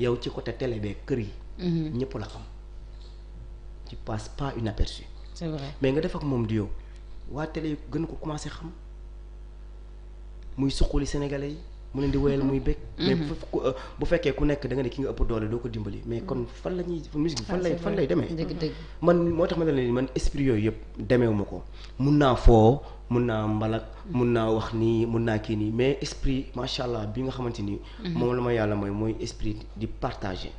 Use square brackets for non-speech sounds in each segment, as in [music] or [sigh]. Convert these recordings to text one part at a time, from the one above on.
yow ci côté télé bee kër yi. Mhm. ñëpp la xam. tu passes pas inaperçu. c'est vrai mais nga def ak moom di yow waa télé yi gën ko commencé xam muy suqali sénégalais yi. mu leen di woyal muy bëgg. Mm-hmm. mais mm-hmm. bu fekkee ku nekk da nga ne ki nga ëpp doole doo ko dimbali mais kon fan la ñuy musique fan lay fan lay demee. man moo tax ma ne la man esprit yooyu yëpp demeewu ma ko mun naa foo mun naa mbalak mun naa wax nii mun naa kii nii mais esprit macha allah bi nga xamante ni. Mm-hmm. moom la ma yàlla mooy mooy esprit di partager.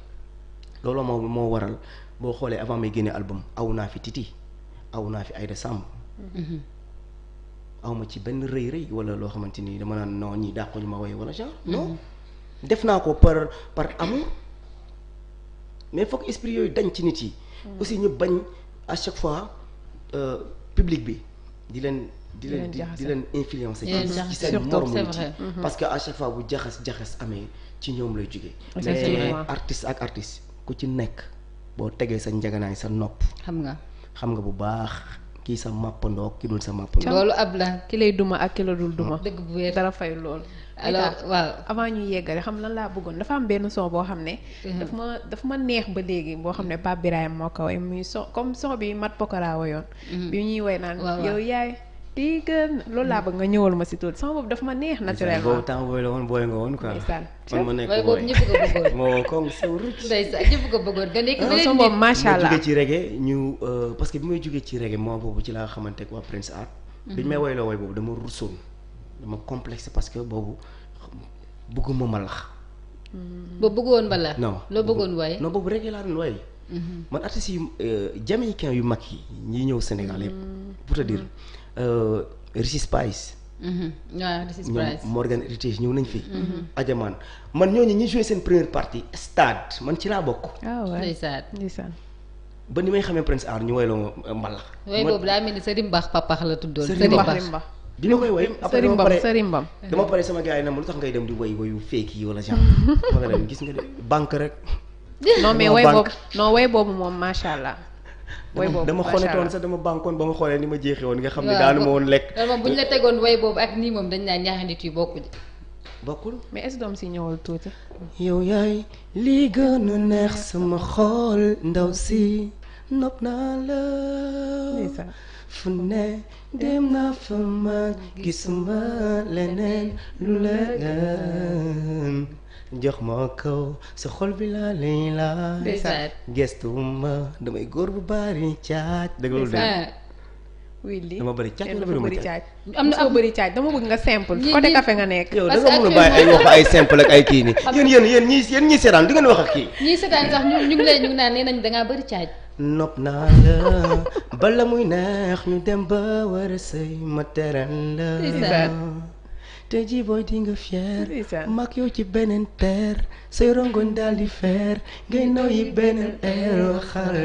looloo moom moo waral boo xoolee avant may génne album aw naa fi Titi aw naa fi Aïda sàmm awma ci benn rëy rëy wala loo xamante nii dama naan non ñii ñu ma woy wala genre non mm-hmm. def naa ko par par amour mais foog esprit yooyu dañ ci nit yi mm. aussi ñu bañ à chaque fois euh, public bi di leen di leen di leen influencer ci seen moromu nit yi mm-hmm. parce que à chaque fois bu jaxas-jaxas amee ci ñoom lay jógee mais artiste ak artiste ku ci nekk boo tegee sa njaganaay sa nopp xam nga xam nga bu baax kii sa màppandoog ki dul sa màppandoog loolu ab la ki lay duma ak ki la dul duma dëgg bu wér dara fay loolu alors waaw ñuy yeggale xam lan laa bëggoon dafa am benn son boo xam ne mhm. daf ma daf ma neex ba léegi boo xam ne Pape Birahim moo ko way muy son comme son bi Mat Pokora wayoon mhm. bi ñuy way naan yow yaay Tigane loolu laa bëgg nga ñëwal ma si tuuti sama bopp daf ma neex naturellement boobu temps booy la woon booy nga woon quoi. ndeysaan man ma boobu ñëpp ko bëggoon. [laughs] moo koŋ suur. ko bëggoon nga sama bopp macha allah jógee ci reggae ñu euh, parce que bi jógee ci reggae moo boobu ci laa xamante waa Prince Art. Mhm. bi ñu may woyloo woy boobu dama rusoon dama complexe parce que boobu bëgguma mbalax. ba bëggoon mbalax. non loo bëggoon waaye. non boobu reggae laa doon waaye. Mm-hmm. man artistes yu euh, jamaïcain yu mag yi ñi ñëw Sénégal yëpp mm-hmm. pour te dire euh, Richie Spice waaw mm-hmm. Richie Morgan Heritage ñëw nañ fi. Adjaman man ñooñu ñi joué seen première partie stade man ci laa bokk. ah waay ndeysaan ba ni may xamee Prince Art ñu woyloo euh, mbalax. waaye boobu daa mel ni Serigne Mbax papax la tuddoon. Serigne Mbax di nga koy woy après dama pare sërimbam dama pare sama gars na ma lu tax ngay dem di woy woyu fake yi wala genre ma [laughs] nga gis nga de banque rek [laughs] non mais way boobu non way boobu moom macha allah. way boobu dama xonetoon sax dama bànkoon ba ma xoolee ni ma jeexee woon nga xam ne daanu ma woon lekk. loolu moom bu ñu la tegoon way boobu ak nii moom dañ naa ñaari nit yu bokk bokkul mais est-ce doom si ñëwal tuuti. yow yaay lii gën a neex sama xol ndaw si. nopp naa la fu ne dem naa fa man gisuma leneen lu la jox ma kaw sa xol bi laa lay laaj gestu ma damay góor bu bari caaj dëgg wili dama bëri caaj dama bëri caaj am na am bëri caaj dama bëgg nga simple côté café nga nekk yow da nga mën a bàyyi ay wax ay simple ak ay kii ni [laughs] yéen yéen yéen ñii yéen ñii di ngeen wax ak kii ñii seetaan sax ñu ngi lay ñu ngi naan nee nañ dangaa bëri caaj nopp naa la bala muy neex ñu dem ba war a sëy ma la te ji booy di mag yow ci beneen teer say rongoñ daal feer ngay nooyi beneen air waxal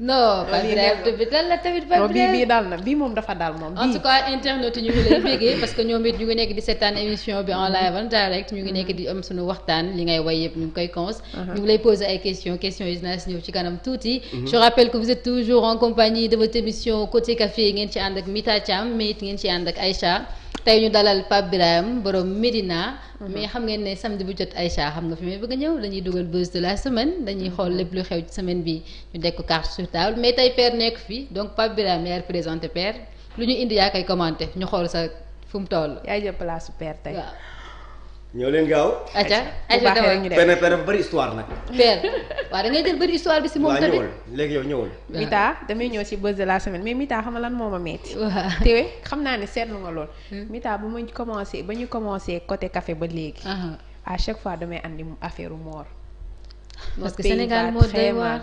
non pas grève bi bii bii daal na bii moom dafa daal moom. en tout cas internautes ñu ngi lay bégee parce que ñoom it ñu ngi nekk di seetaan émission bi en live en direct ñu ngi nekk di am suñu waxtaan li ngay way yëpp ñu ngi koy cons uh-huh. ñu ngi lay poser ay questions questions yi dinaa si ñëw ci kanam tuuti. Uh-huh. je rappelle que vous êtes toujours en compagnie de émission côté café ngeen ci ànd ak Mita Thiam mais it ngeen ci ànd ak Aïcha. tey ñu dalal Pape Birahim borom Médina. Mhm. mais xam ngeen ne samedi bu jot ay Aïcha xam nga fi may bëgg ñëw dañuy dugal buzz de la semaine dañuy mhm. xool lépp lu xew semaine bi ñu dekk carte sur table mais tey père nekk fi donc Pape Birahim yaa présenté père lu ñu indi yaa koy commenté ñu xool sa fu mu toll. yaa jël place père tey waaw. ñëw leen gaaw. aca aca dawal ñu dem bari bëri histoire nag. père waaw da ngay jël bëri histoire si moom léegi yow ñëwal. Mita damay ñëw si buzz de la semaine mais Mita xam nga lan moo ma xam naa ne seetlu nga lool. Hmm. Mita bu ma commencé ba ñu commencé côté café ba léegi. à chaque fois damay andi affaire moor. parce que Sénégal moo doy waar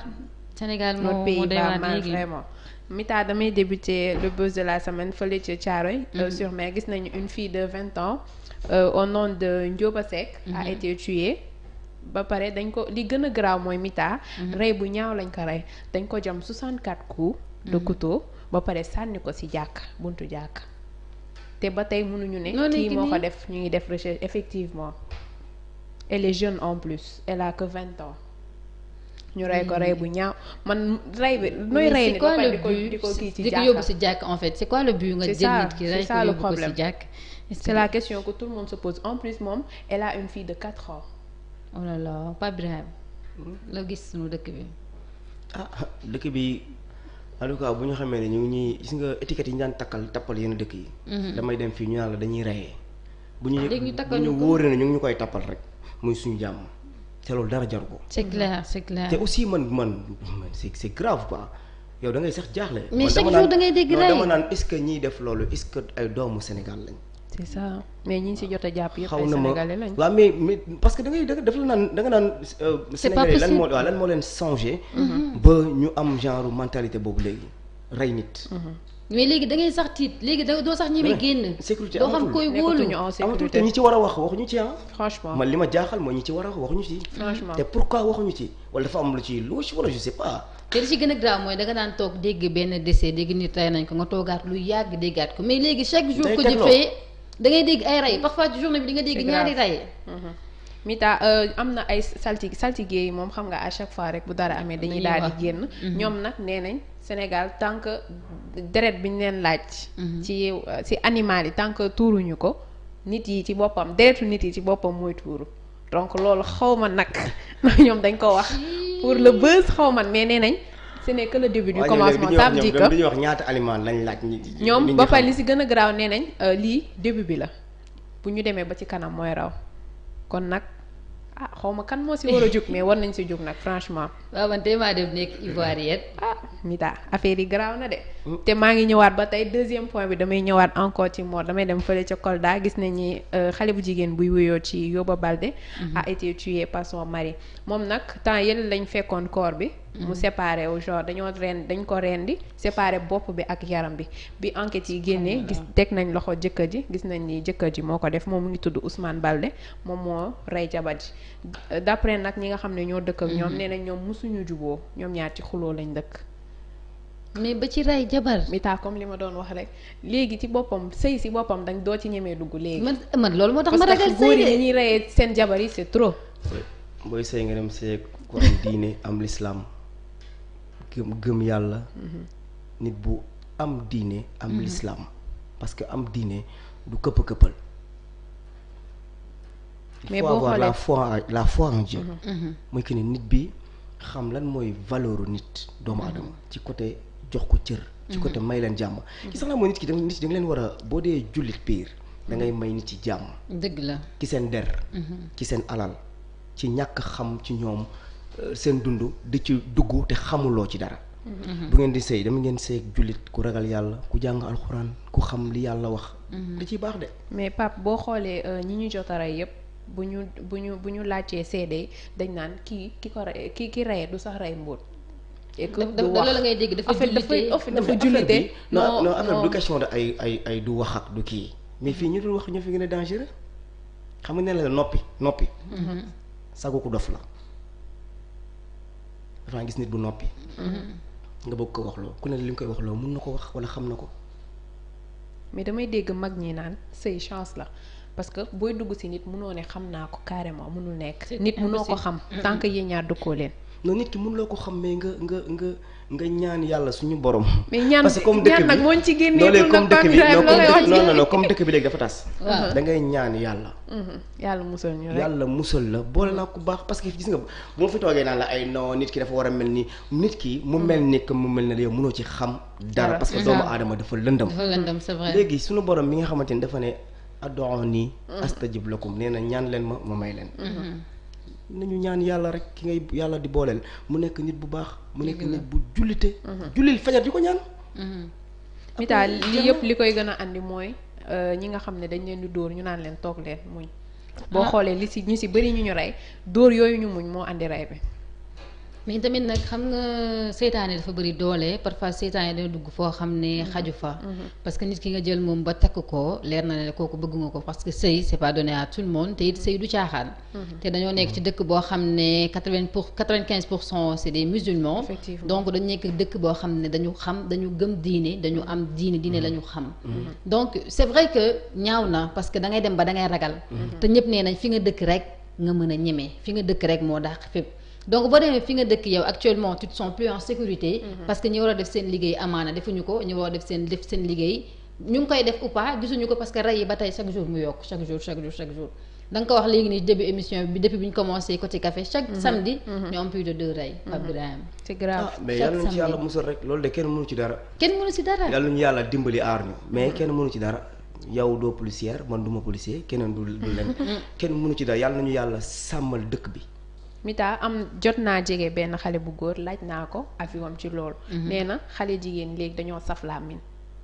Sénégal moo moo doy waar léegi vraiment. Mita damay débuté le buzz de la semaine fële ca Thiaroye. Euh, hmm. sur mer gis nañu une fille de vingt ans. euh, au nom de Ndioba Seck mm -hmm. a mhm. été tué ba pare dañ ko li gën a garaaw mooy Mita mhm. rey bu ñaaw lañ ko rey dañ ko jam 64 coups de mhm. couteau ba pare sànni ko ci jàkk buntu jàkk te ba tey mënuñu ne kii moo ko def ñu ngi def recherche effectivement elle est jeune en plus elle a que vingt ans ñu rey ko rey bu mm. ñaaw man rey bi nooy rey nit ba di ko di ko kii ci jàkka di si jàkk en fait c'est quoi le nga jël nit ki rey ko yóbbu si jàkk c'est la question ko tout le monde se pose en plus moom elle a une fille de quatre ans. oh là là la gis sunu dëkk bi. ah dëkk bi en bu ñu xamee ne ñu ngi ñuy gis nga étiquette yi ñu daan takkal tappal yenn dëkk yi. Mm-hmm. damay dem fii ñu naan dañuy reyee. bu ñu ah, ñu takkal ñu wóoree ne ñu ñu koy tappal rek muy suñu jàmm. te loolu dara jaru ko. c'est clair c'est clair. te aussi man man c'est c'est grave quoi yow da ngay sax jaaxle. mais chaque jour da ngay dégg rey dama naan est-ce que ñiy def loolu est-ce que ay doomu Sénégal lañ. mais ñi ñu si jot a jàpp yëpp ay sénégalais lañ. waaw mais mais parce que da ngay def la naan da nga naan. Euh, sénégalais lan moo waaw lan moo leen changé. Mm-hmm. ba ñu am genre mentalité boobu léegi rey nit. Mm-hmm. mais léegi da ngay sax tiit léegi da doo sax ñemee génn. sécurité doo xam koy wóolu amatul ñi ci war a wax waxuñu ci ah. franchement man li ma war a wax waxuñu ci. franchement te pourquoi waxuñu ci wala dafa am lu ci louche wala je sais pas. te li ci gën a grave mooy da daan toog dégg benn décès dégg nit rey nañ ko nga toogaat lu yàgg déggaat ko mais léegi chaque jour. ko jëfee da ngay dégg ay rey parfois ci journée bi di nga dégg ñaari rey. Mita euh, am na ay saltige saltige yi moom xam nga à chaque fois rek bu dara amee dañuy daal di génn mhm. ñoom nag nee nañ Sénégal tant que deret bi ñu leen laaj mhm. ci si animal yi tant que tuuruñu ko nit yi ci boppam deretu nit yi ci boppam mooy tuuru donc loolu xaw ma nag [laughs] ñoom dañ ko wax pour le buzz xaw ma mais nee nañ ce n'est que le début du commencement ça veut dire que ñuy wax aliment lañ laaj ñoom ba pare li si gën a garaaw nee nañ euh, lii début bi la bu ñu demee ba ci kanam mooy raw kon nag ah xaw ma kan moo si war a jóg mais war nañ si jóg nag franchement. waaw man tey maa dem nekk Ivoirienne. ah Mita affaire yi garaaw na de. te maa ngi ñëwaat ba tey deuxième point bi damay ñëwaat encore ci Mor damay dem fële ca Kolda gis nañ ni euh, xale bu jigéen buy wuyoo ci Yoba Balde. Mhm. a été tué par son mari moom nag temps yële lañ fekkoon koor bi. mu mm-hmm. séparé wu genre dañoo ren dañ ko rendi séparé bopp bi ak yaram bi bi enquête yi génnee gis teg nañ loxo jëkkër ji gis nañ ni jëkkër ji moo ko def moom mu ngi tudd Ousmane Balde moom moo rey jabar ji d'après nag ñi nga xam ne ñoo dëkk ñoom mm-hmm. nee nañ ñoom suñu juboo ñoom ñaar ci xuloo lañ dëkk mais ba ci rey jabar mi taa comme li ma doon wax rek léegi ci boppam sëy si boppam dañ doo ci ñemee dugg léegi man man loolu moo tax ma ragal sëy de góor yi ñuy reyee seen jabar yi c'est trop booy sëy nga dem sëy ku gëm gëm yàlla mhm. nit bu am diine am mhm. l'islam parce que am diine du këpp këppal il faut avoir la foi la foi en Dieu mhm. mooy que nit bi xam lan mooy valeuru nit doomu adama ci côté jox ko cër ci côté may leen jàmm ki sax mooy nit ki da leen war a boo dee jullit piir dangay may nit ci jàmm dëgg la ci seen der ci seen alal ci ñàkk xam ci ñoom Euh, seen dund di ci dugg te xamuloo ci dara. Mm-hmm. bu ngeen di sëy dama ngeen sëy ak jullit ku ragal yàlla ku jàng alxuraan ku xam li yàlla wax. Mm-hmm. da ciy baax de. mais Pape boo xoolee euh, ñi ñu jotara yépp bu ñu bu ñu bu ñu laajtee seede dañ naan kii ki ko ki ki reye du sax rey mbóot. et wax la ngay dégg dafa jullite dafa jullite non non affaire du question de ay ay ay du wax du kii ñu dul wax ñoo fi gën a dangereux xam nga ne la noppi noppi. Mm-hmm. sagu ku dof la. dafa gis nit bu noppi. nga bëgg ko waxloo ku la li nga koy waxloo mun na ko wax wala xam na ko. mais damay dégg mag ñi naan sëy chance la parce que booy dugg si nit munoo ne xam naa ko carrément munul nekk. nit munoo ko xam. tant que yéen ñaar dëkkoo leen. nga nit ki mënuloo ko xam mais nga nga nga nga ñaan yàlla suñu borom. parce que comme dëkk bi mais ci génnee. comme dëkk bi non non non comme dëkk bi léegi tas. da ngay ñaan yàlla. Mm-hmm. yàlla musal ñu rek yàlla musal la boole naa ku baax parce que gis nga bu fi toogee naan la ay non nit ki dafa war a mel ni nit ki mu mel ni que mu mel ne yow mënoo ci xam. dara parce que doomu mm-hmm. aadama dafa lëndam. dafa lëndam léegi suñu borom mi nga xamante ni dafa ne adoon nii. Mm-hmm. astajib lakum nee na ñaan leen ma ma may leen nañu ñaan yàlla rek ki ngay yàlla di booleel mu nekk nit bu baax mu nekk nit bu jullite mhm. jullil fajar di ko ñaan mhm. mitaa li yëpp li koy gën a andi mooy euh, ñi nga xam ne dañ leen di dóor ñu naan leen toog leen muñ boo ah. xoolee li si ñu si bëri ñu ñu rey dóor yooyu ñu muñ moo andi rey bi mais tamit nag xam nga seytaane dafa bëri doole parfois seytaane dana dugg foo xam ne mm-hmm. xaju fa. Mm-hmm. parce que nit ki nga jël moom ba takk ko leer na ne kooku bëgg nga ko parce que sëy c'est pas donné à tout le monde te sëy du caaxaan. Mm-hmm. te dañoo nekk ci dëkk boo xam ne quatre vingt pour quatre vingt quinze pour cent c'est dañu dëkk boo xam ne dañu xam dañu gëm diine dañu am diine dine la ñu xam. donc c'est vrai que ñaaw na parce que da ngay dem ba da ngay ragal. te ñëpp nee nañ fi nga dëkk rek nga mën a ñeme fi nga dëkk rek moo dàq donc boo dee fi nga dëkk yow actuellement tu te sens plus en sécurité. Mhm. parce que ñu war a def seen liggéey amaana defuñu ko ñu war a def seen def seen liggéey ñu ngi koy def ou pas gisuñu ko parce que rey yi ba tey chaque jour mu yokk chaque jour chaque jour chaque jour da ko wax léegi nii début émission bi depuis bi ñu commencé côté café chaque mhm. samedi. Mhm. ñu am plus de deux rey. Pape Birahim ah, mais yàlla nañu ci yàlla rek loolu kenn mënu ci dara. kenn mënu ci dara yàlla dimbali aar ñu mais kenn mënu ci dara. yow doo policière man du ma keneen du kenn mënu ci dara yàlla nañu yàlla sàmmal dëkk bi Mita am jot naa jege benn xale bu góor laaj naa ko avis am ci loolu. Mhm. nee na xale jigéen léegi dañoo saf làmmiñ